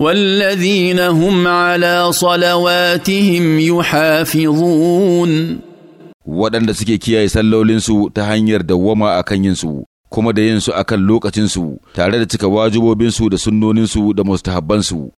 والذين هم على صلواتهم يحافظون waɗanda suke kiyaye sallolinsu ta hanyar dawwama a kan yinsu kuma da yinsu a kan lokacinsu tare da cika wajibobinsu da sunnoninsu da mustahabbansu